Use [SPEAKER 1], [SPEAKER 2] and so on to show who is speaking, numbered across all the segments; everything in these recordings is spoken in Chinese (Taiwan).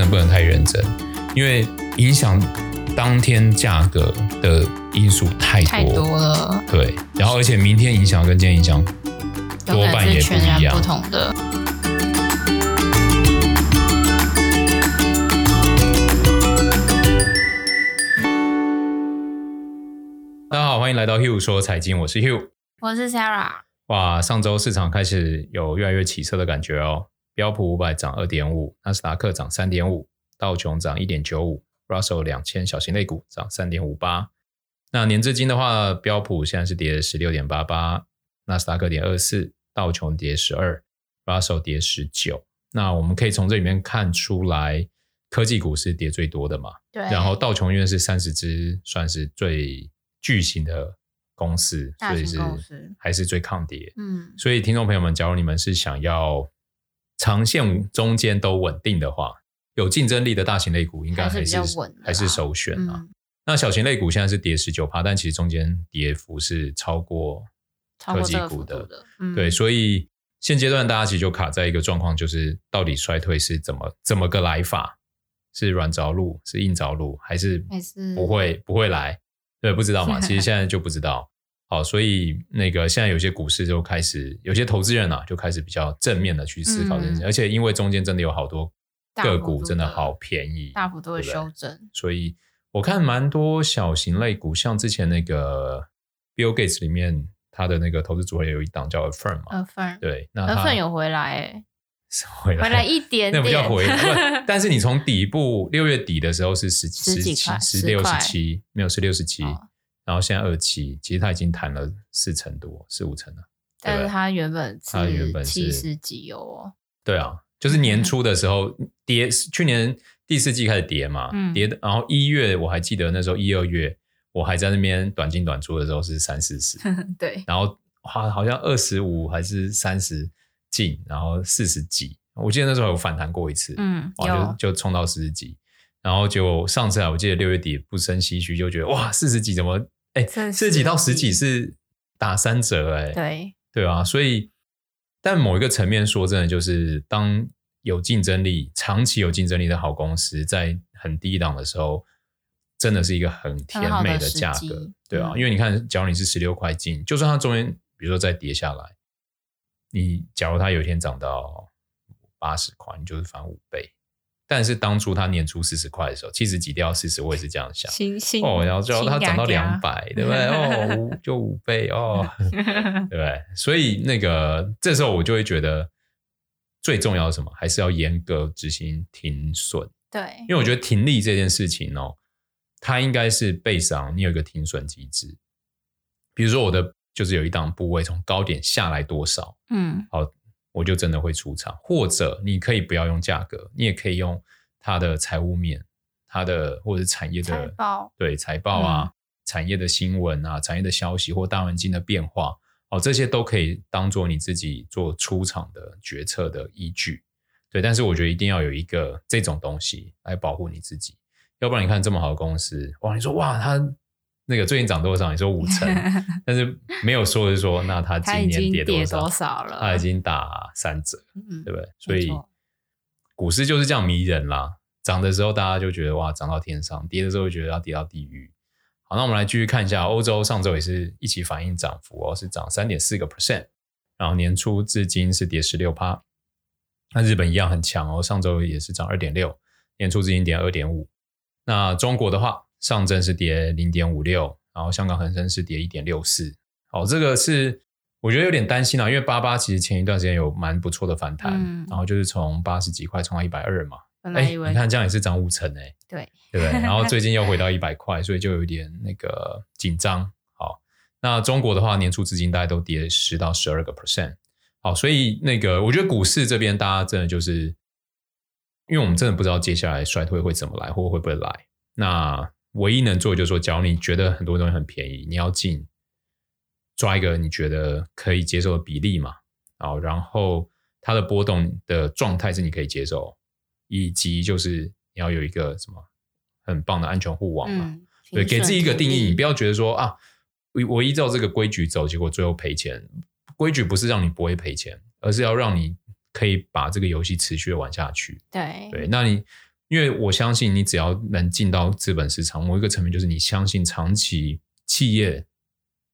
[SPEAKER 1] 能不能太認真，因為影響當天價格的因素太多太多了。對，然後而且明天影響跟今天影響多半也不一樣，是全然不同的。大家好，歡迎來到 Hugh 說財經，我是 Hugh，
[SPEAKER 2] 我是 Sarah。
[SPEAKER 1] 哇，上周市場開始有越來越起色的感覺哦。標普五百漲二點五，納斯達克漲三點五，道瓊漲一點九五，Russell 兩千小型類股漲三點五八。那年至今的話，標普現在是跌了十六點八八，納斯達克跌二四，道瓊跌十二，Russell 跌十九。那我們可以從這裡面看出來，科技股是跌最多的嘛。對。然後道瓊因為是三十只，算是最巨型的公司，公司所以是還是最抗跌。嗯。所以，聽眾朋友們，假如你們是想要，長線中間都穩定的話，有競爭力的大型類股應該還是還是,還是首選啊。嗯、那小型類股現在是跌十九%，但其實中間跌幅是超過
[SPEAKER 2] 科技股的。
[SPEAKER 1] 的嗯、對，所以現階段大家其實就卡在一個狀況，就是到底衰退是怎麼怎麼個來法？是軟着陸，是硬着陸，還是還
[SPEAKER 2] 是不會
[SPEAKER 1] 不會來？對，不知道嘛， 其實現在就不知道。好，所以那個現在有些股市就開始，有些投資人啊就開始比較正面的去思考這而且因為中間真的有好多個股真的好便宜，大幅都
[SPEAKER 2] 會修正。
[SPEAKER 1] 所以我看蠻多小型類股，像之前那個 Bill Gates 裡面他的那個投資組合有一檔叫 Affirm 嘛 Affirm 對，那 Affirm
[SPEAKER 2] 有回來，
[SPEAKER 1] 回來一點，那不叫回來。但是你從底部六月底的時候是十十幾塊，十六十七沒有，十六十七。然後現在二期，其實他已經彈了四成多，四五成了。對對，但是
[SPEAKER 2] 它原本它原本是七
[SPEAKER 1] 十幾哦。對啊，就是年初的時候、嗯、跌，去年第四季開始跌嘛，跌的。然後一月我還記得那時候一二月，我還在那邊短進短出的時候是三四十，對。然後好像二十五還是三十進，然後四十幾。我記得那時候有反彈過一次，嗯，然後就有就衝到四十幾。然後就上次啊，我記得六月底不勝唏噓，就覺得哇，四十幾怎麼？哎，四十幾到十幾是打三折欸。對對啊，所以但某一個層面說，真的就是當有競爭力、長期有競爭力的好公司在很低檔的時候，真的是一個很甜美的價格，對啊，因為你看，假如你是十六塊進，嗯、就算它中間比如說再跌下來，你假如它有一天漲到八十塊，你就是翻五倍。但是當初他年初四十塊的時候，七十幾掉到四十，我也是這樣想。
[SPEAKER 2] 哦，然後最後他漲到兩百，對不對？哦，5,
[SPEAKER 1] 就五倍哦，
[SPEAKER 2] 對不
[SPEAKER 1] 對？所以那個這時候我就會覺得，最重要的什麼？還是要嚴格執行停損。
[SPEAKER 2] 對，因為我覺
[SPEAKER 1] 得停利這件事情哦，它應該是背上你有一個停損機制。比如說我的就是有一檔部位從高點下來多少？嗯，好。我就真的會出場，或者你可以不要用價格，你也可以用它的財務面，它的或者是產業的財報，對，財報啊，嗯、產業的新聞啊，產業的消息或大環境的變化，哦，這些都可以當做你自己做出場的決策的依據，對。但是我覺得一定要有一個這種東西來保護你自己，要不然你看這麼好的公司，哇，你說哇它。他那個最近漲多少？你說五成， 但是沒有說，就是說，就說那它今年跌多少它已，已經打三折，嗯、對不對？錯所以股市就是這樣迷人啦。漲的時候大家就覺得哇，漲到天上；跌的時候就覺得要跌到地獄。好，那我們來繼續看一下歐洲，上周也是一起反應，漲幅哦是漲三點四個 percent，然後年初至今是跌十六趴。那日本一樣很強哦，上周也是漲二點六，年初至今跌二點五。那中國的話。上證是跌零點五六，然後香港恆生是跌一點六四。好，這個是我覺得有點擔心啊，因為八八其實前一段時間有蠻不錯的反彈，嗯、然後就是從八十幾塊衝到一百二嘛。本
[SPEAKER 2] 來以為，哎、欸，你看這
[SPEAKER 1] 樣也是漲五成哎、欸，對對不對？然後最近又回到一百塊， 對所以就有點那個緊張。好，那中國的話，年初資金大概都跌十到十二個 percent。好，所以那個我覺得股市這邊大家真的就是，因為我們真的不知道接下來衰退會怎麼來，或會不會來。那唯一能做就是說，假如你覺得很多東西很便宜，你要進，抓一個你覺得可以接受的比例嘛，然後它的波動的狀態是你可以接受，以及就是你要有一個什麼很棒的安全護網嘛。對，給自己一個定義，定你不要覺得說，啊，我依照這個規矩走，結果最後賠錢。規矩不是讓你不會賠錢，而是要讓你可以把這個遊戲持續的玩下去。對對，那你。因為我相信，你只要能進到資本市場某一個層面，就是你相信長期企業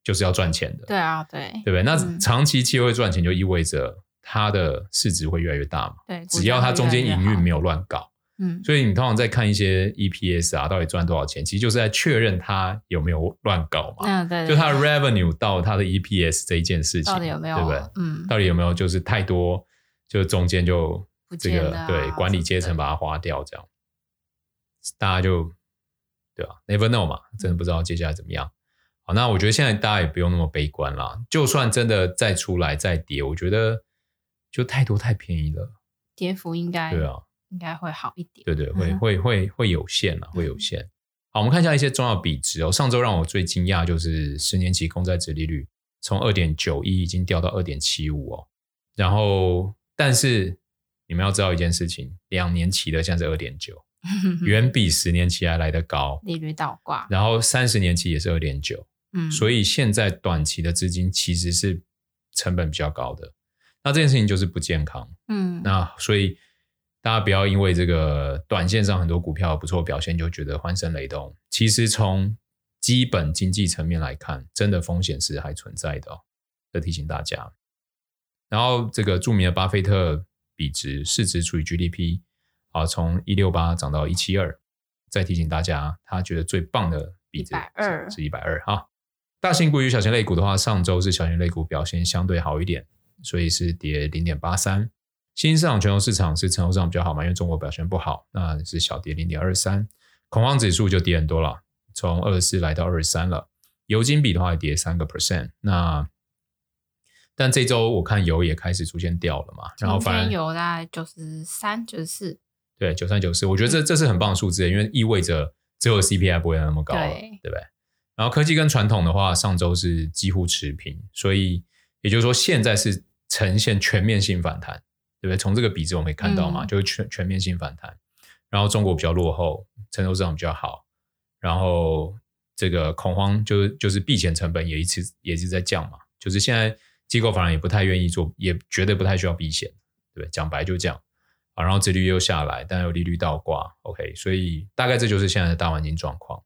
[SPEAKER 1] 就是要賺錢的。
[SPEAKER 2] 對啊，對，對不對？嗯、那
[SPEAKER 1] 長期企業會賺錢，就意味着它的市值會越來越大嘛？對，越越只要它中間營運沒有亂搞，嗯，所以你通常在看一些 EPS 啊，到底賺多少錢，其實就是在確認它有沒有亂搞嘛。嗯、對，對，對。就它的 Revenue 到它的 EPS 這一件事情，到底有沒有？對不對？嗯，到底有沒有？就是太多，就中間就。這個對管理階層把它花掉，這樣大家就對啊。Never know 嘛，真的不知道接下來怎麼樣。好，那我覺得現在大家也不用那麼悲觀啦。就算真的再出來再跌，我覺得就太多太便宜了，
[SPEAKER 2] 跌幅應該對啊，應該會好一
[SPEAKER 1] 點。對對，會會會會有限啊，會有限。好，我們看一下一些重要比值哦。上周讓我最驚訝就是十年期公債殖利率從二點九一已經掉到二點七五哦，然後但是。你們要知道一件事情，兩年期的現在是二點九，遠比十年期還來得高，
[SPEAKER 2] 利率倒掛。然
[SPEAKER 1] 後三十年期也是二點九，嗯，所以現在短期的資金其實是成本比較高的，那這件事情就是不健康，嗯，那所以大家不要因為這個短線上很多股票不錯表現就覺得歡聲雷動。其實從基本經濟層面來看，真的風險是還存在的哦，要提醒大家。然後這個著名的巴菲特，比值市值除以 GDP，好，從一六八漲到一七二。再提醒大家，他覺得最棒的比值是一百二，哈，大型股與小型類股的話，上周是小型類股表現相對好一點，所以是跌零點八三。新興市場全球市場是成熟市場比較好嘛？因為中國表現不好，那是小跌零點二三。恐慌指數就跌很多了，從二十四來到二十三了。油金比的話跌三個 percent。那但這周我看油也開始逐漸掉了嘛，然後反彈油
[SPEAKER 2] 大概九十三九四
[SPEAKER 1] ，93，對九三九四，4，我覺得這這是很棒的數字，因為意味着只有 CPI 不會那麼高了，對，對不對？然後科技跟傳統的話，上周是幾乎持平，所以也就是說現在是呈現全面性反彈，對不對？從這個比值我們可以看到嘛，嗯、就全全面性反彈。然後中國比較落後，成熟市場比較好。然後這個恐慌就是就是避險成本也一直也一直在降嘛，就是現在。機構反而也不太願意做，也絕對不太需要避險，對不對？講白就這樣啊，然後殖利率又下來，但又利率倒掛，OK，所以大概這就是現在的大環境狀況。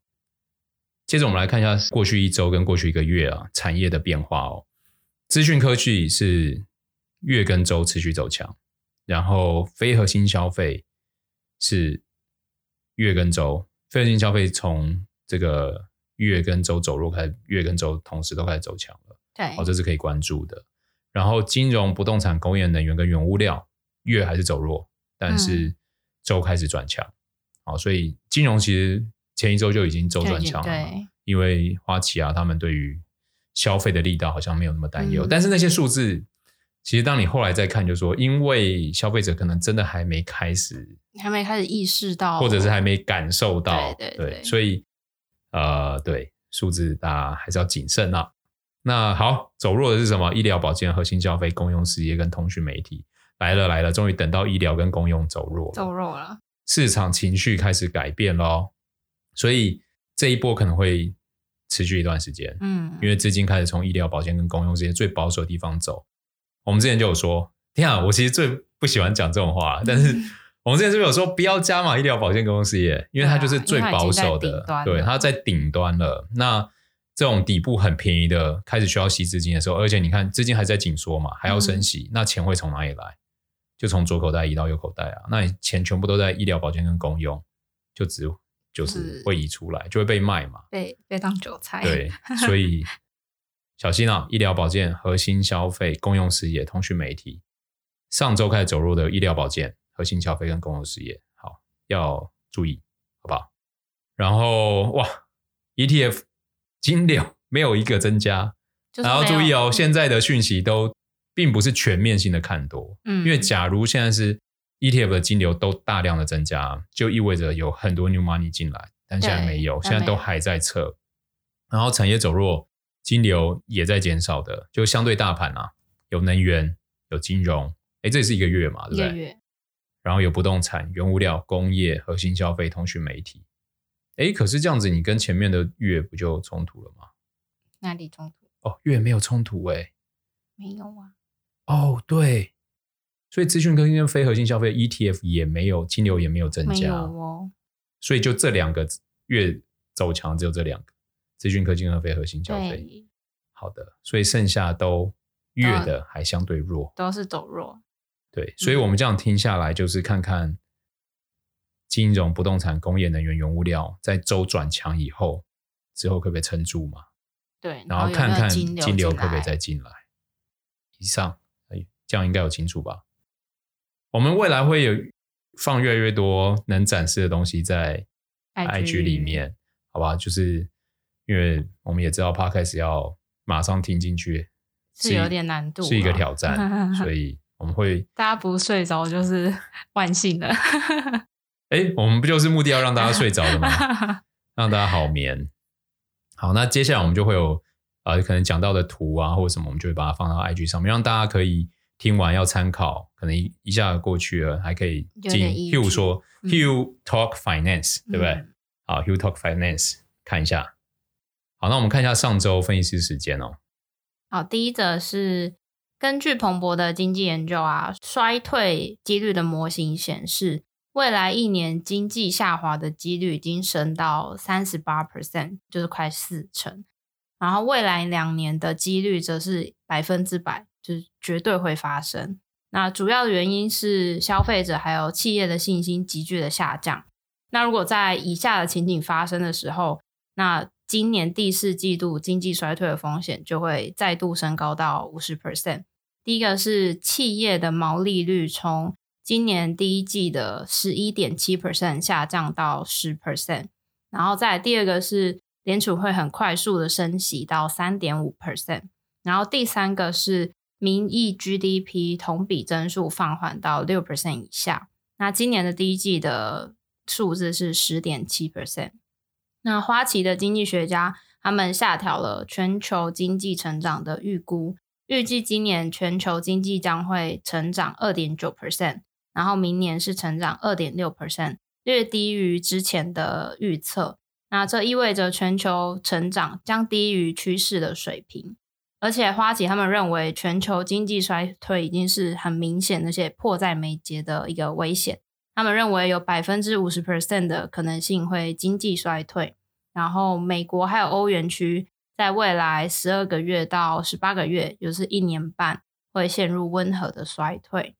[SPEAKER 1] 接着我們來看一下過去一周跟過去一個月啊產業的變化哦，資訊科技是月跟周持續走強，然後非核心消費是月跟周，非核心消費從這個月跟周走弱開始，月跟周同時都開始走強了。好，對這是可以關注的。然後金融、不動產、工業、能源跟原物料，月還是走弱，但是周開始轉強。好、嗯哦，所以金融其實前一周就已經周轉強了，對對，因為花旗啊，他們對於消費的力道好像沒有那麼擔憂。嗯、但是那些數字，對其實當你後來再看，就說因為消費者可能真的還沒開始，
[SPEAKER 2] 還沒開始意識到，或者
[SPEAKER 1] 是還沒感受到，對對，對，對，所以呃，對數字大家還是要謹慎啊。那好，走弱的是什麼？醫療保健、核心消費、公用事業跟通訊媒體。來了來了，終於等到醫療跟公用走弱，走弱了，市場情緒開始改變咯。所以這一波可能會持續一段時間，嗯，因為資金開始從醫療保健跟公用事業最保守的地方走。我們之前就有說，天啊，我其實最不喜歡講這種話，嗯、但是我們之前是不是有說不要加碼，醫療保健、公用事業，因為它就是最保守的，對，它在頂端了。那這種底部很便宜的，開始需要吸資金的時候，而且你看資金還在緊縮嘛，還要升息，嗯、那錢會從哪裡來？就從左口袋移到右口袋啊！那你錢全部都在醫療保健跟公用，就只有就是會移出來，嗯、就會被賣嘛，
[SPEAKER 2] 被被當韭菜。對，所
[SPEAKER 1] 以 小心啊！醫療保健、核心消費、公用事業、通訊媒體，上周開始走弱的醫療保健、核心消費跟公用事業，好，要注意，好不好？然後哇，ETF。金流沒有一個增加，然後注意哦，嗯、現在的訊息都並不是全面性的看多，嗯，因為假如現在是 ETF 的金流都大量的增加，就意味着有很多 new money 進來，但現在沒有，沒有現在都還在測。然後產業走弱，嗯、金流也在減少的，就相對大盤啊，有能源、有金融，誒，這也是一個月嘛，對不對？一個月。然後有不動產、原物料、工業、核心消費、通訊媒體。哎，可是這樣子，你跟前面的月不就衝突了嗎？哪
[SPEAKER 2] 裡
[SPEAKER 1] 衝突？哦，月沒有衝突哎、欸，沒有啊。哦，對，所以資訊科技跟非核心消費 ETF 也沒有，金流也沒有增加有哦。所以就這兩個月走強，只有這兩個資訊科技跟非核心消費。對好的，所以剩下都月的還相對弱，都，
[SPEAKER 2] 都是走弱。
[SPEAKER 1] 對，所以我們這樣聽下來，就是看看。金融、不動產、工業、能源、原物料，在周轉強以後，之後可不可以撐住嘛？對，然後看看金流，金流可不可以再進來。以上，哎，這樣應該有清楚吧？我們未來會有放越來越多能展示的東西在
[SPEAKER 2] IG 裡面，
[SPEAKER 1] 好吧？就是因為我們也知道 Podcast 要馬上聽進去是有點難度，是一個挑戰， 所以我們會
[SPEAKER 2] 大家不睡着就是萬幸了。
[SPEAKER 1] 哎、欸，我們不就是目的要讓大家睡着的嗎？ 讓大家好眠。好，那接下來我們就會有啊、呃，可能講到的圖啊，或者什麼，我們就會把它放到 IG 上面，讓大家可以聽完要參考。可能一一下過去了，還可以進。譬如說 Hugh Talk Finance，、嗯、對不對？好 Hugh Talk Finance，看一下。好，那我們看一下上周分析師時間哦、喔。
[SPEAKER 2] 好，第一則是根據彭博的經濟研究啊，衰退幾率的模型顯示。未來一年經濟下滑的幾率已經升到三十八 percent，就是快四成。然後未來兩年的幾率則是百分之百，就是絕對會發生。那主要的原因是消費者還有企業的信心急劇的下降。那如果在以下的情景發生的時候，那今年第四季度經濟衰退的風險就會再度升高到五十 percent。第一個是企業的毛利率從。今年第一季的十一點七 percent 下降到十 percent，然後再第二個是聯儲會很快速的升息到三點五 percent，然後第三個是名義 GDP 同比增速放緩到六 percent 以下。那今年的第一季的數字是十點七 percent。那花旗的經濟學家他們下調了全球經濟成長的預估，預計今年全球經濟將會成長二點九 percent。然後明年是成長二點六 percent，略低於之前的預測。那這意味着全球成長將低於趨勢的水平，而且花旗他們認為全球經濟衰退已經是很明顯而且迫在眉睫的一個危險。他們認為有百分之五十 percent 的可能性會經濟衰退。然後美國還有歐元區在未來十二個月到十八個月，就是一年半會陷入溫和的衰退。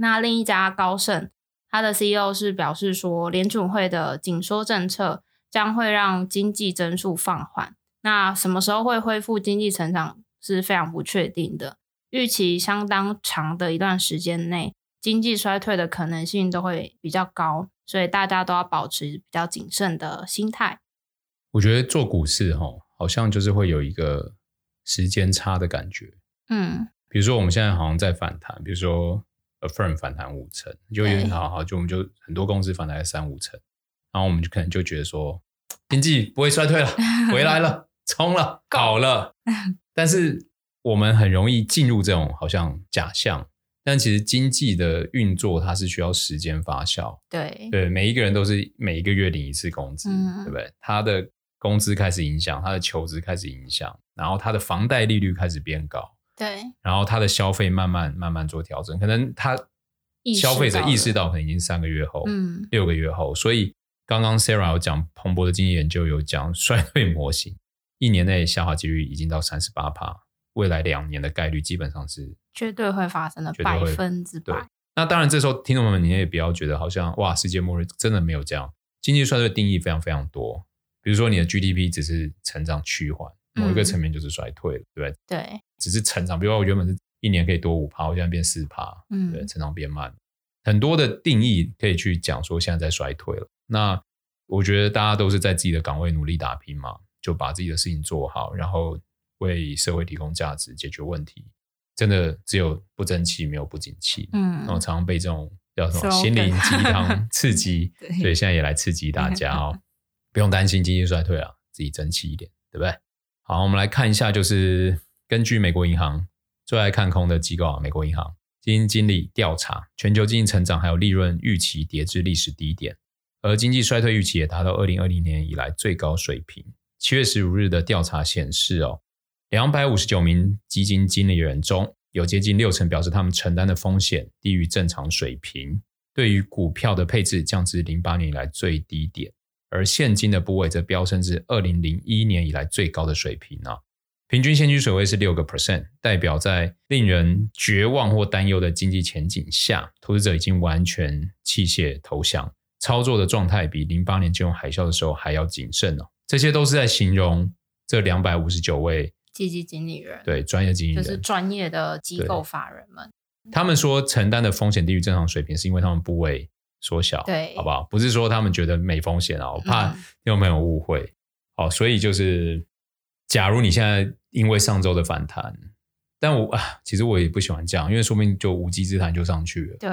[SPEAKER 2] 那另一家高盛，他的 CEO 是表示說，聯儲會的緊縮政策將會讓經濟增速放緩。那什麼時候會恢復經濟成長是非常不確定的，預期相當長的一段時間內，經濟衰退的可能性都會比較高，所以大家都要保持比較謹慎的心態。
[SPEAKER 1] 我覺得做股市哈、哦，好像就是會有一個時間差的感覺。
[SPEAKER 2] 嗯，
[SPEAKER 1] 比如說我們現在好像在反彈，比如說。a firm 反彈五成，就因為好好，對就我們就很多公司反彈三五成，然後我們就可能就覺得說經濟不會衰退了，回來了，衝了，搞 了。但是我們很容易進入這種好像假象，但其實經濟的運作它是需要時間發酵。對對，每一個人都是每一個月領一次工資，嗯、對不對？他的工資開始影響，他的求職開始影響，然後他的房貸利率開始變高。對，然後他的消費慢慢慢慢做調整，可能他
[SPEAKER 2] 消費者意識到，
[SPEAKER 1] 可能已經三個月後，嗯，六個月後，所以剛剛 Sarah 有講，彭博的經濟研究有講衰退模型，一年內下滑幾率已經到三十八趴，未來兩年的概率基本上是絕對
[SPEAKER 2] 會，絕對會發生的，百分之百。
[SPEAKER 1] 那當然，這時候聽眾朋友們，你也不要覺得好像哇，世界末日真的沒有這樣。經濟衰退定義非常非常多，比如說你的 GDP 只是成長趨緩。某一個層面就是衰退了，嗯、對不對？對，只是成長。比如說我原本是一年可以多五趴，我現在變四趴，嗯、對，成長變慢了。很多的定義可以去講說現在在衰退了。那我覺得大家都是在自己的崗位努力打拼嘛，就把自己的事情做好，然後為社會提供價值、解決問題。真的只有不爭氣，沒有不景氣。嗯，然後常常被這種叫什麼心靈雞湯刺激，嗯、所以現在也來刺激大家哦，對 不用擔心經濟衰退啊，自己爭氣一點，對不對？好，我們來看一下，就是根據美國銀行最愛看空的機構啊，美國銀行基金經理調查，全球經濟成長還有利潤預期跌至歷史低點，而經濟衰退預期也達到二零二零年以來最高水平。七月十五日的調查顯示，哦，兩百五十九名基金經理人中有接近六成表示，他們承擔的風險低於正常水平，對於股票的配置降至零八年以來最低點。而現金的部位則飆升至二零零一年以來最高的水平，啊、平均現金水位是六個 percent，代表在令人絕望或擔憂的經濟前景下，投資者已經完全棄械投降，操作的狀態比零八年金融海嘯的時候還要謹慎哦、啊。這些都是在形容這兩百五十九位
[SPEAKER 2] 基金經理
[SPEAKER 1] 人對專業經理人，就是
[SPEAKER 2] 專業的機構法人們，
[SPEAKER 1] 他們說承擔的風險低於正常水平，是因為他們部位。縮小，對，好不好？不是說他們覺得沒風險啊，我怕又沒有誤會，嗯、好，所以就是，假如你現在因為上周的反彈，但我啊，其實我也不喜歡這樣，因為說不定就無稽之談就上去了，對，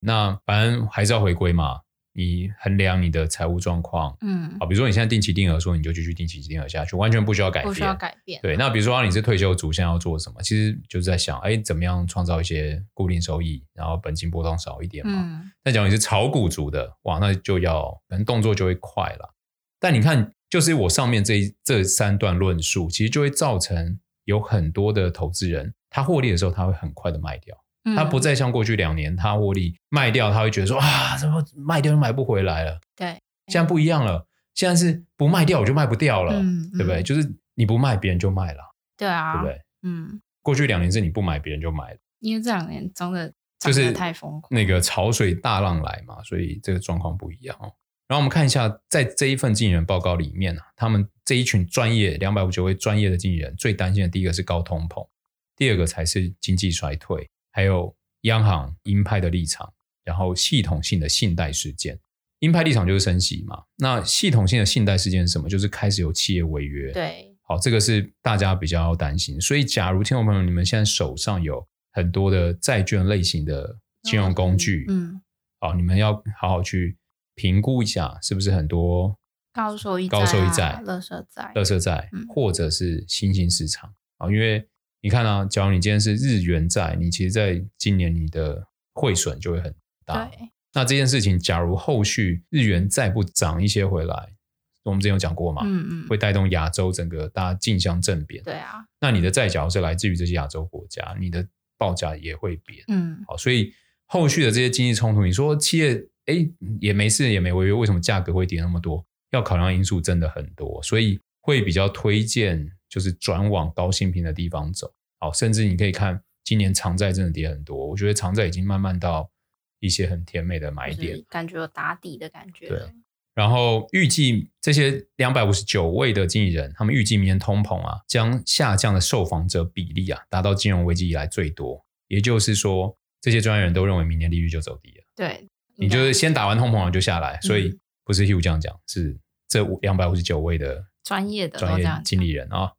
[SPEAKER 1] 那反正還是要回歸嘛。你衡量你的財務狀況，嗯，好，比如說你現在定期定額，說你就繼續定期定額下去，完全不需要改變，不需要改變，對。那比如說你是退休族，現在要做什麼？其實就是在想，哎、欸，怎麼樣創造一些固定收益，然後本金波動少一點嘛。嗯、那假如你是炒股族的，哇，那就要，可能動作就會快了。但你看，就是我上面這一這三段論述，其實就會造成有很多的投資人，他獲利的時候，他會很快的賣掉。他不再像過去兩年，他獲利賣掉，他會覺得說啊，怎麼賣掉都買不回來了？對，現在不一樣了，現在是不賣掉我就賣不掉了，嗯嗯、對不對？就是你不賣，別人就賣了。
[SPEAKER 2] 對啊，對不對？嗯。
[SPEAKER 1] 過去兩年是你不買別人就買了，因
[SPEAKER 2] 為這兩年真的就是太瘋
[SPEAKER 1] 狂，那個潮水大浪來嘛，所以這個狀況不一樣。然後我們看一下，在這一份經紀人報告裡面呢、啊，他們這一群專業兩百五十九位專業的經紀人最擔心的第一個是高通膨，第二個才是經濟衰退。還有央行鷹派的立場，然後系統性的信貸事件，鷹派立場就是升息嘛。那系統性的信貸事件是什麼？就是開始有企業違約。對，好，這個是大家比較要擔心。所以，假如聽眾朋友你們現在手上有很多的債券類型的金融工具，嗯，嗯，好，你們要好好去評估一下，是不是很多
[SPEAKER 2] 高收益、高收益債、啊、垃圾債、垃
[SPEAKER 1] 圾債，嗯、或者是新興市場啊？因為你看啊，假如你今天是日元債，你其實在今年你的匯損就會很大。對那這件事情，假如後續日元再不漲一些回來，我們之前有講過嘛，嗯嗯，會帶動亞洲整個大家競相振貶。對啊，那你的債假如是來自於這些亞洲國家，你的報價也會貶。嗯，好，所以後續的這些經濟衝突，你說企業哎也沒事也沒違約，為什麼價格會跌那麼多？要考量因素真的很多，所以會比較推薦。就是轉往高信評的地方走，好、哦，甚至你可以看今年長債真的跌很多，我覺得長債已經慢慢到一些很甜美的買點，
[SPEAKER 2] 感覺有打底的感覺。
[SPEAKER 1] 對，然後預計這些兩百五十九位的經理人，他們預計明年通膨啊將下降的受訪者比例啊，達到金融危機以來最多，也就是說，這些專業人都認為明年利率就走低
[SPEAKER 2] 了。對，
[SPEAKER 1] 你就是先打完通膨，就下來，所以不是 Hugh 這樣講，嗯、是這五兩百五十九位的
[SPEAKER 2] 專業的專業
[SPEAKER 1] 經理人啊。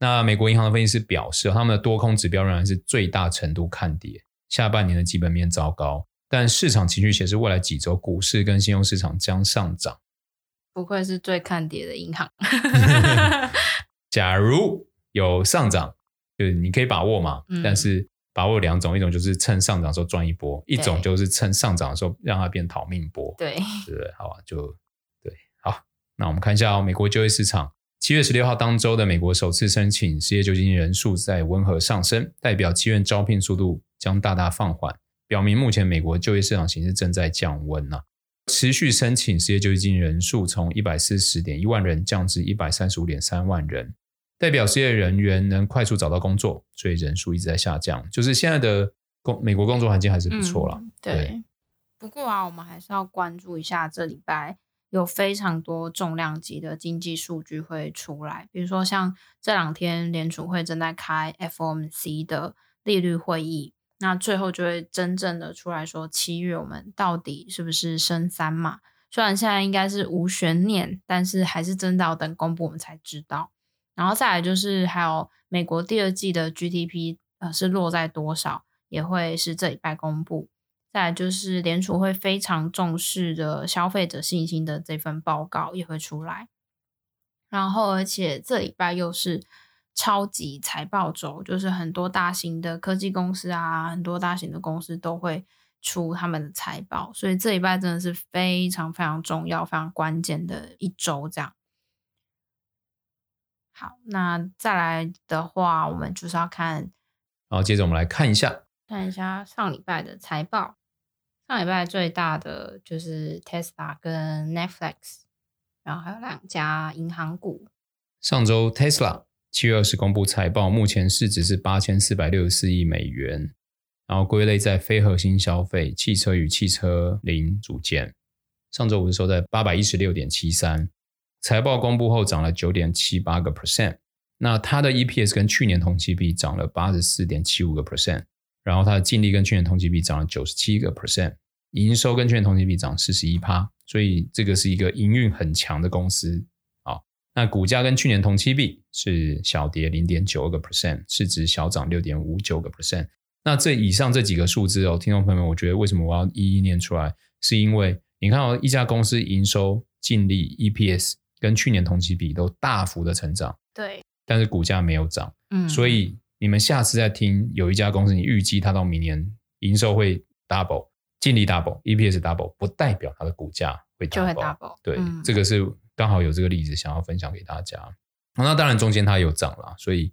[SPEAKER 1] 那美國銀行的分析師表示，他們的多空指標仍然是最大程度看跌。下半年的基本面糟糕，但市場情緒顯示未來幾週股市跟信用市場將上漲。
[SPEAKER 2] 不愧是最看跌的銀行。
[SPEAKER 1] 假如有上漲，就是你可以把握嘛。嗯、但是把握兩種，一種就是趁上漲的時候賺一波，對一種就是趁上漲的時候讓它變逃命波，對，是的，好吧，就對，好。那我們看一下、哦、美國就業市場。七月十六號當週的美國首次申請失業救濟金人數在溫和上升，代表七月招聘速度將大大放緩，表明目前美國就業市場形勢正在降溫啊。持續申請失業救濟金人數從一百四十點一萬人降至一百三十五點三萬人，代表失業人員能快速找到工作，所以人數一直在下降。就是現在的工美國工作環境還是不錯啦，嗯。對，對，
[SPEAKER 2] 不過啊，我們還是要關注一下這禮拜。有非常多重量級的經濟數據會出來，比如說像這兩天聯儲會正在開 FOMC 的利率會議，那最後就會真正的出來說七月我們到底是不是升三碼，雖然現在應該是無懸念，但是還是真的要等公布我們才知道。然後再來就是還有美國第二季的 GDP 呃，是落在多少，也會是這禮拜公布。再來就是聯儲會非常重視的消費者信心的這份報告也會出來，然後而且這禮拜又是超級財報周，就是很多大型的科技公司啊，很多大型的公司都會出他們的財報，所以這禮拜真的是非常非常重要、非常關鍵的一周這樣。好，那再來的話，我們就是要看，好，
[SPEAKER 1] 然後接着我們來看一下，
[SPEAKER 2] 看一下上禮拜的財報。上禮拜最大的就是 Tesla 跟 Netflix，然後還有兩家銀行股。
[SPEAKER 1] 上周 Tesla 七月二十公布財報，目前市值是八千四百六十四億美元，然後歸類在非核心消費、汽車與汽車零組件。上周五的時候在八百一十六點七三，財報公布後漲了九點七八個 percent。那它的 EPS 跟去年同期比漲了八十四點七五個 percent。然後它的淨利跟去年同期比漲了九十七個 percent，營收跟去年同期比漲四十一趴，所以這個是一個營運很強的公司啊。那股價跟去年同期比是小跌零點九二個 percent，市值小漲六點五九個 percent。那這以上這幾個數字哦，聽眾朋友們，我覺得為什麼我要一一念出來？是因為你看哦，一家公司營收、淨利、EPS 跟去年同期比都大幅的成長，對，但是股價沒有漲，嗯，所以。你們下次再聽，有一家公司，你預計它到明年營收會 double，淨利 double，EPS double，不代表它的股價會 double。就會 double。對，嗯、這個是剛好有這個例子想要分享給大家。嗯、那當然中間它有漲了，所以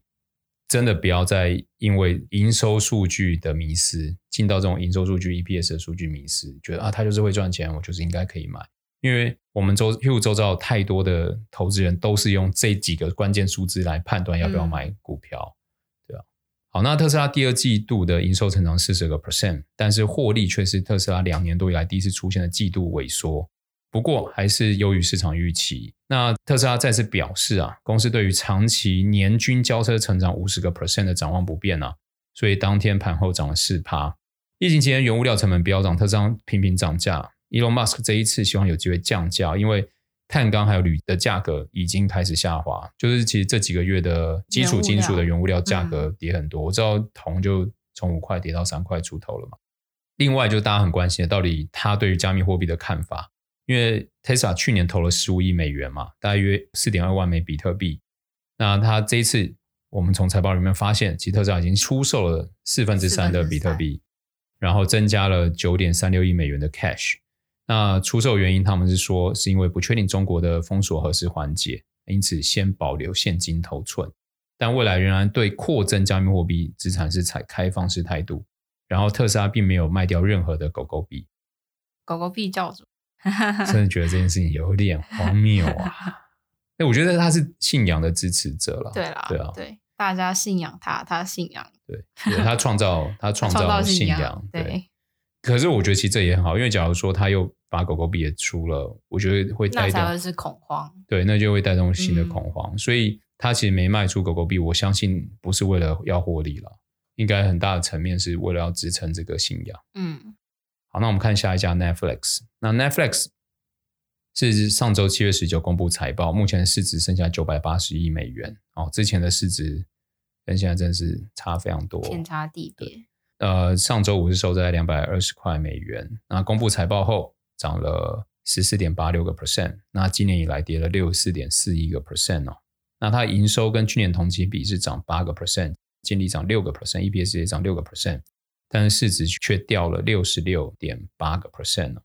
[SPEAKER 1] 真的不要再因為營收數據的迷思，進到這種營收數據、EPS 的數據迷思，覺得啊，它就是會賺錢，我就是應該可以買。因為我們周，例如周遭有太多的投資人都是用這幾個關鍵數字來判斷要不要買股票。嗯好，那特斯拉第二季度的營收成長四十個 percent，但是獲利卻是特斯拉兩年多以來第一次出現的季度萎縮，不過還是優於市場預期。那特斯拉再次表示啊，公司對於長期年均交車成長五十個 percent 的展望不變啊，所以當天盤後漲了四趴。疫情期間原物料成本飆漲，特斯拉頻頻漲價，Elon Musk 這一次希望有機會降價，因為。碳鋼還有鋁的價格已經開始下滑，就是其實這幾個月的基礎金屬的原物料價格跌很多。嗯、我知道銅就從五塊跌到三塊出頭了嘛。另外，就大家很關心的，到底他對於加密貨幣的看法？因為 Tesla 去年投了十五億美元嘛，大約四點二萬枚比特幣。那他這一次，我們從財報裡面發現，其實特斯拉已經出售了四分之三的比特幣，然後增加了九點三六億美元的 cash。那出售原因，他們是說是因為不確定中國的封鎖何時緩解，因此先保留現金頭寸，但未來仍然對擴增加密貨幣資產是採開放式態度。然後特斯拉並沒有賣掉任何的狗狗幣，
[SPEAKER 2] 狗狗幣教主，真
[SPEAKER 1] 的覺得這件事情有點荒謬啊！哎， 我覺得他是信仰的支持者了，對，啦對啊，對啊，對，
[SPEAKER 2] 大家信仰他，他信仰，
[SPEAKER 1] 對，對，他創造他創造信仰，信仰對。對。可是我覺得其實這也很好，因為假如說他又把狗狗幣也出了，我覺得會帶動、嗯、是恐慌，對，那就會帶動新的恐慌。嗯、所以他其實沒賣出狗狗幣，我相信不是為了要獲利了，應該很大的層面是為了要支撐這個信仰。嗯，好，那我們看下一家 Netflix，那 Netflix 是上周七月十九公布財報，目前市值剩下九百八十億美元。哦，之前的市值跟現在真的是差非常多，天差地別。呃，上週五是收在兩百二十塊美元。那公布財報後漲了十四點八六個 percent。那今年以來跌了六十四點四一個 percent 哦。那它營收跟去年同期比是漲八個 percent，淨利漲六個 percent，EPS 也漲六個 percent，但是市值卻掉了六十六點八個 percent 哦。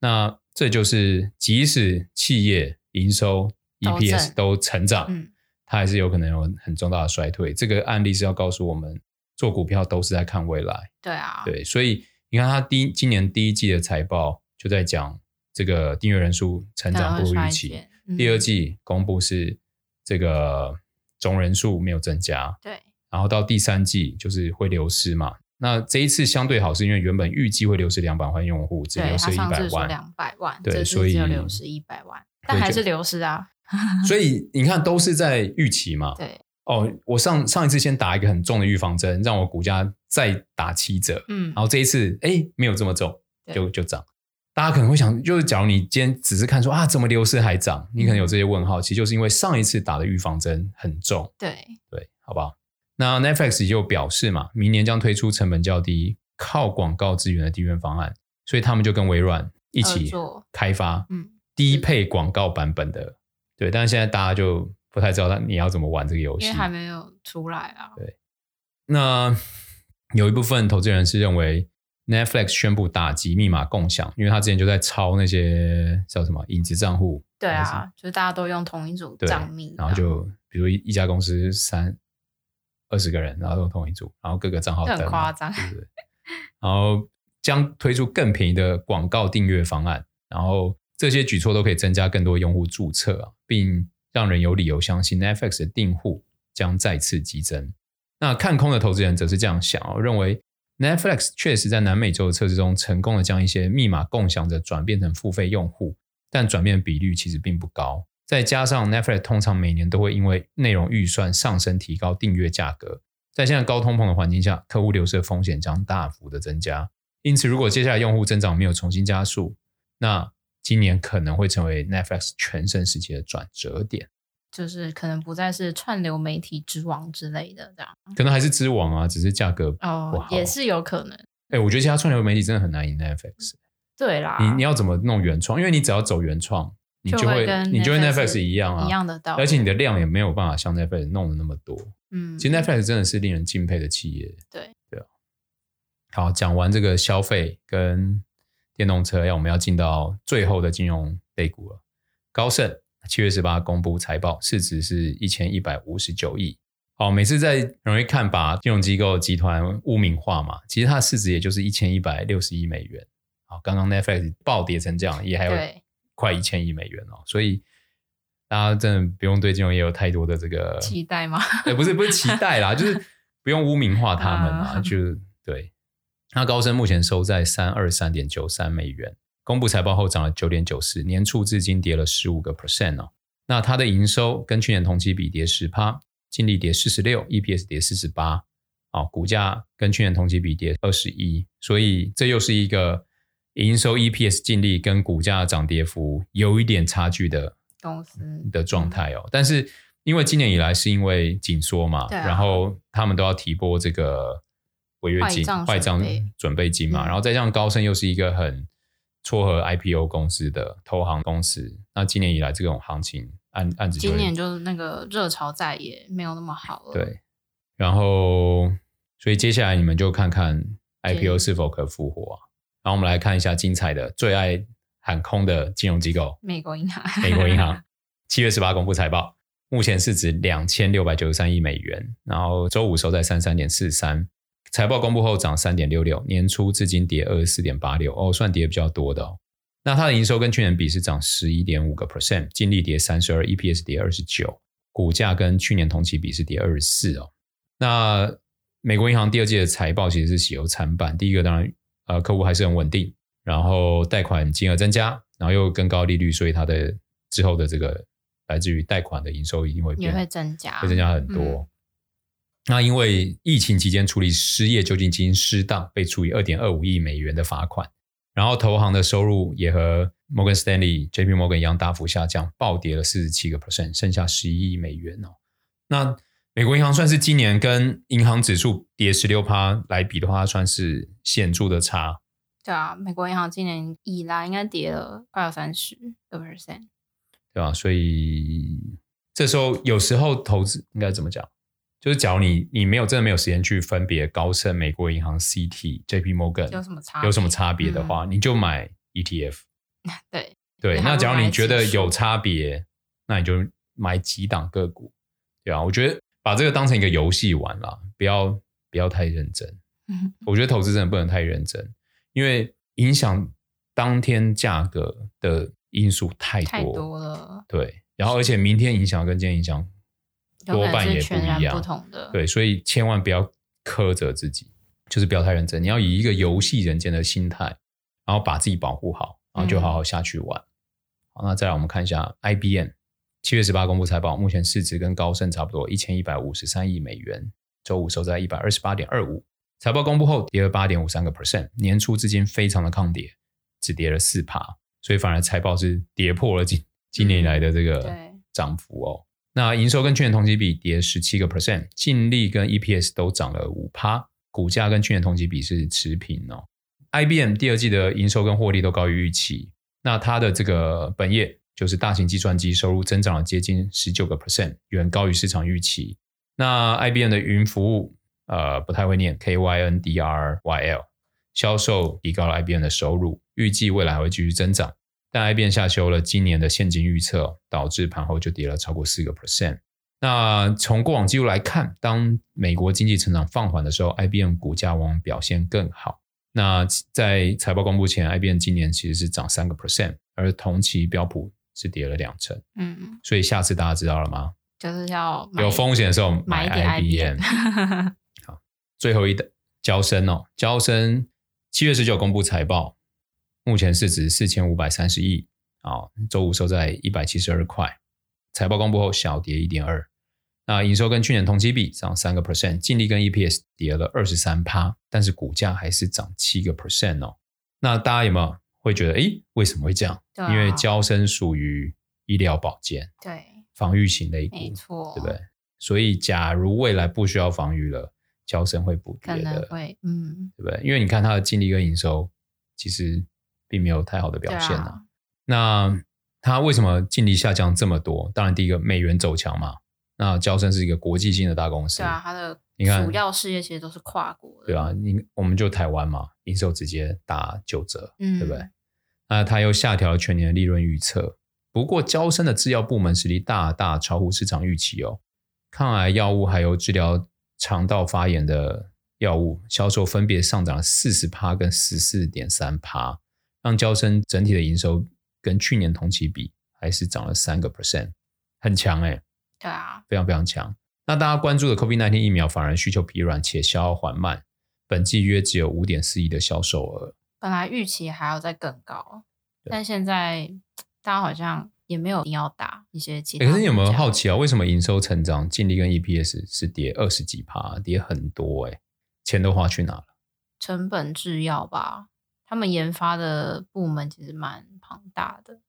[SPEAKER 1] 那這就是即使企業營收、e、EPS 都成長，嗯、它還是有可能有很重大的衰退。這個案例是要告訴我們。做股票都是在看未來，對啊，對，所以你看他第一今年第一季的財報就在講這個訂閱人數成長不如預期，第二季公布是這個總人數沒有增加，對，然後到第三季就是會流失嘛。那這一次相對好是因為原本預計會流失兩百萬用戶，只流失一百萬，他上
[SPEAKER 2] 次說兩百萬，對，所以流失一百萬，但還是流
[SPEAKER 1] 失啊。 所以你看都是在預期嘛，對。哦，我上上一次先打一個很重的預防針，讓我股價再打七折。嗯，然後這一次，哎，沒有這麼重，就對就漲。大家可能會想，就是假如你今天只是看說啊，這麼流失還漲，你可能有這些問號。嗯，其實就是因為上一次打的預防針很重。對對，好不好？那 Netflix 就表示嘛，明年將推出成本較低、靠廣告資源的訂閱方案，所以他們就跟微軟一起開發嗯低配廣告版本的。對，但是現在大家就。不太知道他你要怎麼玩這個遊戲，因為
[SPEAKER 2] 還沒有出來啊。
[SPEAKER 1] 對，那有一部分投資人是認為 Netflix 宣布打擊密碼共享，因為他之前就在抄那些叫什麼影子賬戶。
[SPEAKER 2] 對啊，是就是大家都用同一組賬密，啊，然後就
[SPEAKER 1] 比如一一家公司三二十個人，然後用同一組，然後各個賬號很誇張。對對 然後將推出更便宜的廣告訂閱方案，然後這些舉措都可以增加更多用戶註冊，啊，並。讓人有理由相信 Netflix 的訂戶將再次激增。那看空的投資人則是這樣想：認為 Netflix 確實在南美洲的測試中成功的將一些密碼共享者轉變成付費用戶，但轉變的比率其實並不高。再加上 Netflix 通常每年都會因為內容預算上升提高訂閱價格，在現在高通膨的環境下，客戶流失的風險將大幅的增加。因此，如果接下來用戶增長沒有重新加速，那今年可能會成為 Netflix 全盛時期的轉折點，
[SPEAKER 2] 就是可能不再是串流媒體之王之類的這樣，可
[SPEAKER 1] 能還是之王啊，只是價格不好。哦，也
[SPEAKER 2] 是有可能。
[SPEAKER 1] 哎、欸，我覺得其他串流媒體真的很難贏 Netflix。嗯，
[SPEAKER 2] 對啦，你
[SPEAKER 1] 你要怎麼弄原創？因為你只要走原創，你就會，就會跟你就跟 Netflix 一樣啊，一樣的道理。而且你的量也沒有辦法像 Netflix 弄的那麼多。嗯，其實 Netflix 真的是令人敬佩的企業。對對。好，講完這個消費跟。電動車要我們要進到最後的金融類股了。高盛七月十八公布財報，市值是一千一百五十九億。哦，每次在容易看把金融機構集團污名化嘛，其實它的市值也就是一千一百六十億美元。好，剛剛 Netflix 暴跌成這樣，也還有快一千億美元哦。所以大家真的不用對金融業有太多的這個期
[SPEAKER 2] 待嗎？哎 ，
[SPEAKER 1] 欸、不是不是期待啦，就是不用污名化他們啊，就對。那高盛目前收在三二三點九三美元，公布財報後漲了九點九四，年初至今跌了十五個 percent 哦。那它的營收跟去年同期比跌十趴，淨利跌四十六，EPS 跌四十八，啊、哦，股價跟去年同期比跌二十一，所以這又是一個營收、e、EPS、淨利跟股價漲跌幅有一點差距的公司的狀態哦。嗯、但是因為今年以來是因為緊縮嘛，啊、然後他們都要提撥這個。違約金、壞賬準備金嘛，嗯、然後再像高盛又是一個很撮合 IPO 公司的投行公司。那今年以來這種行情按按，今年就
[SPEAKER 2] 是那個熱潮再也沒有那麼好
[SPEAKER 1] 了。對，然後所以接下來你們就看看 IPO 是否可復活、啊。然後我們來看一下精彩的最愛喊空的金融機構
[SPEAKER 2] ——美國銀行。 美國銀行
[SPEAKER 1] 七月十八公布財報，目前市值兩千六百九十三億美元，然後周五收在三三點四三。財報公布後漲三點六六，年初至今跌二十四點八六哦，算跌比較多的哦。那它的營收跟去年比是漲十一點五個 percent，淨利跌三十二，EPS 跌二十九，股價跟去年同期比是跌二十四哦。那美國銀行第二季的財報其實是喜憂參半，第一個當然呃客戶還是很穩定，然後貸款金額增加，然後又更高利率，所以它的之後的這個來自於貸款的營收一定會變，也會
[SPEAKER 2] 增加，會增加很多。嗯
[SPEAKER 1] 那因為疫情期間處理失業救濟金失當，被處以二點二五億美元的罰款。然後投行的收入也和摩根士丹利、J P Morgan 一樣大幅下降，暴跌了四十七個 percent，剩下十一億美元哦。那美國銀行算是今年跟銀行指數跌十六趴來比的話，算是顯著的差。
[SPEAKER 2] 對啊，美國銀行今年以來應該跌了快要三十個 percent，
[SPEAKER 1] 對吧，啊？所以這時候有時候投資應該怎麼講？就是，假如你、嗯、你沒有真的沒有時間去分別高盛、美國銀行、C T、J P Morgan 有什麼差有什麼差別的話，嗯、你就買 E T F。對、
[SPEAKER 2] 嗯、對，對，那假如你覺得有
[SPEAKER 1] 差別，那你就買幾檔個股，對啊，我覺得把這個當成一個遊戲玩啦，不要不要太認真。嗯、我覺得投資真的不能太認真，因為影響當天價格的因素太多太多了。對，然後而且明天影響跟今天影響。多半也不一樣，全然不同的。對，所以千萬不要苛責自己，就是不要太認真。你要以一個遊戲人間的心態，然後把自己保護好，然後就好好下去玩。嗯、好，那再來我們看一下 IBM 七月十八公布財報，目前市值跟高盛差不多一千一百五十三億美元，週五收在一百二十八點二五，財報公布後跌了八點五三個 percent，年初至今非常的抗跌，只跌了四趴。所以反而財報是跌破了今今年以來的這個漲幅哦。嗯那營收跟去年同期比跌十七個 percent，淨利跟 EPS 都漲了五趴，股價跟去年同期比是持平哦。IBM 第二季的營收跟獲利都高於預期，那它的這個本業就是大型計算機收入增長了接近十九個 percent，遠高於市場預期。那 IBM 的雲服務，呃，不太會念 K Y N D R Y L，銷售提高了 IBM 的收入，預計未來還會繼續增長。但 IBM 下修了今年的現金預測，導致盤後就跌了超過四個 percent。那從過往記錄來看，當美國經濟成長放緩的時候，IBM 股價往往表現更好。那在財報公布前，IBM 今年其實是漲三個 percent，而同期標普是跌了兩成。嗯，所以下次大家知道了嗎？
[SPEAKER 2] 就是要有風
[SPEAKER 1] 險的時候買 IBM。
[SPEAKER 2] 好，
[SPEAKER 1] 最後一點，嬌生哦，嬌生七月十九公布財報。目前市值四千五百三十億，啊、哦，周五收在一百七十二塊，財報公布後小跌一點二。那營收跟去年同期比漲三個 percent，淨利跟 EPS 跌了二十三趴，但是股價還是漲七個 percent 哦。那大家有沒有會覺得，誒，為什麼會這樣？啊、因為嬌生屬於醫療保健，對，防禦型的一股，沒
[SPEAKER 2] 錯，對不對？
[SPEAKER 1] 所以，假如未來不需要防御了，嬌生會補跌的，可能會，嗯，對不對？因為你看它的淨利跟營收其實。並沒有太好的表現、啊啊、那它為什麼淨利下降這麼多？當然，第一個美元走強嘛。那嬌生是一個國際性的大公司，對啊，
[SPEAKER 2] 它的主要事業其實都是跨國
[SPEAKER 1] 的，對啊，你我們就台灣嘛，營收直接打九折，嗯、對不對？那它又下調全年利潤預測。不過，嬌生的制藥部門實力大大超乎市場預期哦。抗癌藥物還有治療腸道發炎的藥物銷售分別上漲了四十趴跟十四點三趴。讓嬌生整體的營收跟去年同期比還是漲了三個 percent，很強哎、欸。對啊，非常非常強。那大家關注的 COVID-19 疫苗反而需求疲軟且消耗緩慢，本季約只有五點四億的銷售額，
[SPEAKER 2] 本來預期還要再更高，對但現在大家好像也沒有一定要打一些其，欸，可是你有沒有好
[SPEAKER 1] 奇啊？為什麼營收成長，淨利跟 EPS 是跌二十幾趴，跌很多哎、欸？錢都花去哪
[SPEAKER 2] 了？成本製藥吧。他們研發的部門其實蠻龐大的，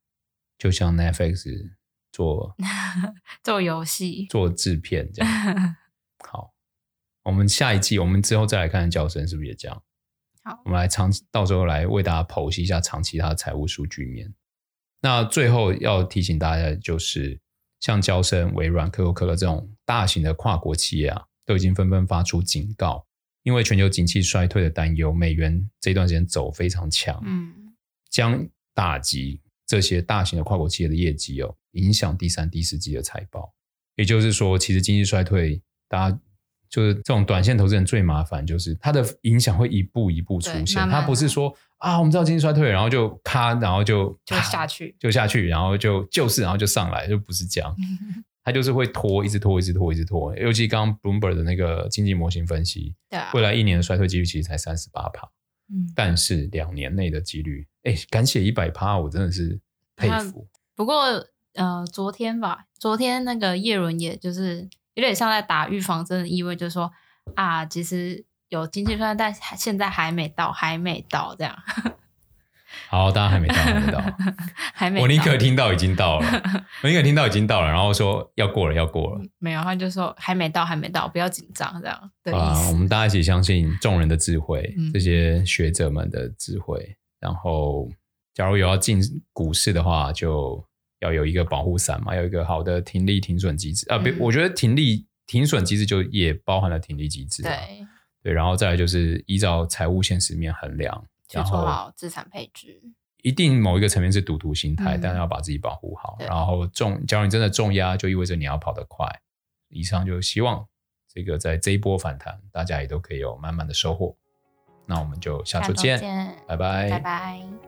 [SPEAKER 1] 就像 Netflix 做
[SPEAKER 2] 做遊戲、
[SPEAKER 1] 做製片這
[SPEAKER 2] 樣。 好，
[SPEAKER 1] 我們下一季，我們之後再來看看嬌生是不是也這樣。好，我們來長，到時候來為大家剖析一下長期它的財務數據面。那最後要提醒大家的，就是像嬌生、微軟、可口可樂這種大型的跨國企業啊，都已經紛紛發出警告。因為全球景氣衰退的擔憂，美元這段時間走非常強，嗯，將打擊這些大型的跨國企業的業績哦，影響第三、第四季的財報。也就是說，其實經濟衰退，大家就是這種短線投資人最麻煩，就是它的影響會一步一步出現，慢慢它不是說啊，我們知道經濟衰退，然後就咔，然後就就下去，就下去，然後就就是，然後就上來，就不是這樣。 他就是會拖，一直拖，一直拖，一直拖。尤其剛剛 Bloomberg 的那個經濟模型分析，啊、未來一年的衰退機率其實才三十八趴。嗯、但是兩年內的幾率，哎、欸，敢寫一百趴，我真的是佩服、啊。
[SPEAKER 2] 不過，呃，昨天吧，昨天那個葉倫，也就是有點像在打預防針的意味，就是說啊，其實有經濟衰退，但現在還沒到，還沒到這樣。
[SPEAKER 1] 好，大家還沒到，
[SPEAKER 2] 還沒到。我寧 到、喔、可聽
[SPEAKER 1] 到已經到了，我寧、 喔、可聽到已經到了，然後說要過了，要過了。
[SPEAKER 2] 沒有，他就說還沒到，還沒到，不要緊張，這樣。啊，我
[SPEAKER 1] 們大家一起相信眾人的智慧，嗯、這些學者們的智慧。然後，假如有要進股市的話，就要有一個保護傘嘛，要有一個好的停利停損機制啊。別、嗯，我覺得停利停損機制就也包含了停利機制、啊、對、對，然後再來就是依照財務現實面衡量。去做好
[SPEAKER 2] 資產配置，
[SPEAKER 1] 一定某一個層面是賭徒心態，嗯、但是要把自己保護好。對然後重，假如你真的重壓，就意味着你要跑得快。以上就希望這個在這一波反彈，大家也都可以有滿滿的收穫。那我們就下周見，拜拜，拜
[SPEAKER 2] 拜。